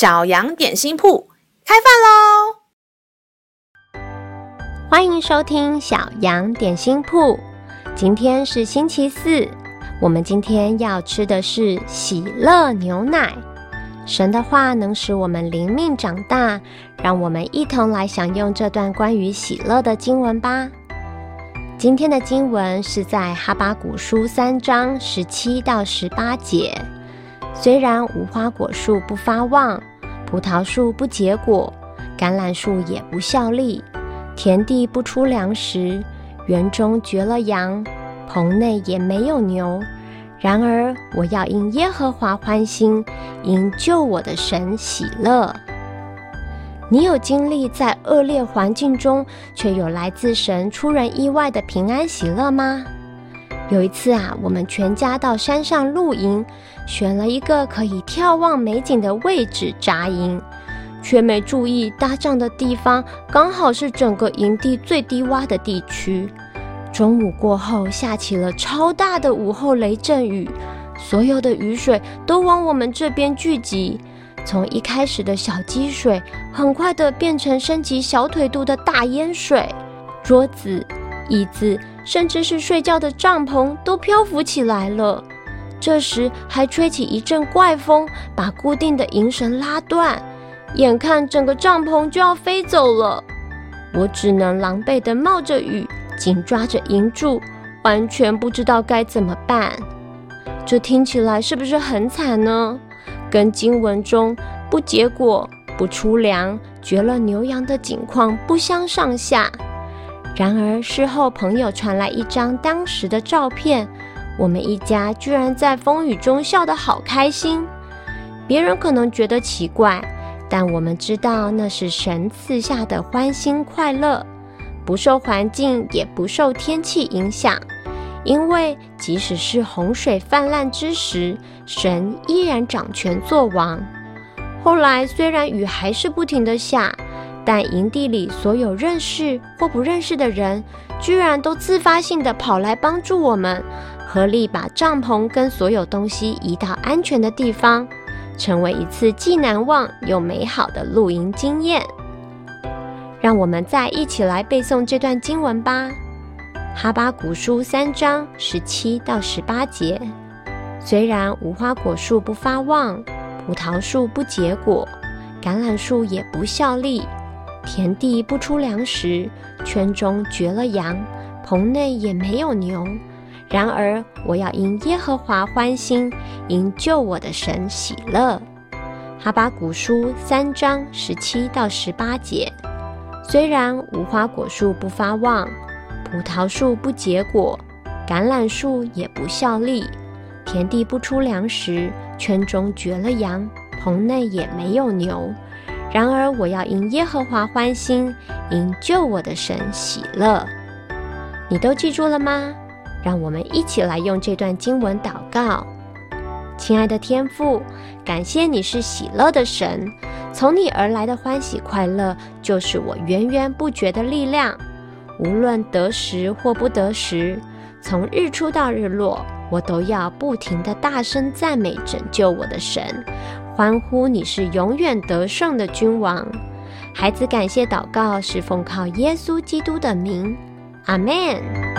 小羊點心鋪開飯嘍！歡迎收聽小羊點心鋪。今天是星期四，我們今天要吃的是喜樂牛奶。神的話能使我們靈命長大，讓我們一同來享用這段關於喜樂的經文吧。今天的經文是在哈巴古書三章十七到十八節。雖然無花果樹不發旺，葡萄樹不結果，橄欖樹也不效力，田地不出糧食，園中絕了羊，棚內也沒有牛。然而我要因耶和華歡心，因救我的神喜樂。你有經歷在惡劣環境中，卻有來自神出人意外的平安喜樂嗎？有一次啊，我們全家到山上露營，選了一個可以眺望美景的位置紮營，卻沒注意搭帳的地方剛好是整個營地最低窪的地區。中午過後，下起了超大的午後雷陣雨，所有的雨水都往我們這邊聚集，從一開始的小積水，很快的變成升級小腿肚的大淹水，桌子、椅子。甚至是睡覺的帳篷都漂浮起來了，這時還吹起一陣怪風，把固定的營繩拉斷，眼看整個帳篷就要飛走了，我只能狼狽地冒着雨，緊抓着營柱，完全不知道該怎麼辦。這聽起來是不是很慘呢？跟經文中不結果、不出糧、絕了牛羊的景況不相上下。然而，事後朋友傳來一張當時的照片，我們一家居然在風雨中笑得好開心。別人可能覺得奇怪，但我們知道那是神賜下的歡欣快樂，不受環境，也不受天氣影響。因為即使是洪水氾濫之時，神依然掌權作王。後來，雖然雨還是不停地下。但營地裡所有認識或不認識的人，居然都自發性的跑來幫助我們，合力把帳篷跟所有東西移到安全的地方，成為一次既難忘又美好的露營經驗。讓我們再一起來背誦這段經文吧，《哈巴谷書》三章十七到十八節。雖然無花果樹不發旺，葡萄樹不結果，橄欖樹也不效力。田地不出糧食，圈中絕了羊，棚內也沒有牛。然而我要因耶和華歡心，因救我的神喜樂。哈巴谷書三章十七到十八節：雖然無花果樹不發旺，葡萄樹不結果，橄欖樹也不效力，田地不出糧食，圈中絕了羊，棚內也沒有牛。然而，我要因耶和華歡欣，因救我的神喜樂。你都記住了嗎？讓我們一起來用這段經文禱告。親愛的天父，感謝你是喜樂的神，從你而來的歡喜快樂就是我源源不絕的力量。無論得時或不得時，從日出到日落，我都要不停地大聲讚美拯救我的神。歡呼！你是永遠得勝的君王，孩子感謝禱告，是奉靠耶穌基督的名，阿門。